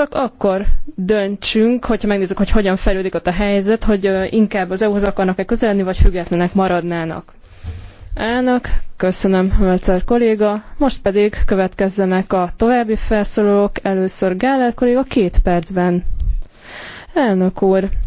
csak akkor döntsünk, hogyha megnézzük, hogy hogyan fejlődik ott a helyzet, hogy inkább az EU-hoz akarnak-e közelni, vagy függetlenek maradnának. Elnök, köszönöm Mölcer kolléga, most pedig következzenek a további felszólalók, először Gáler kolléga két percben. Elnök úr,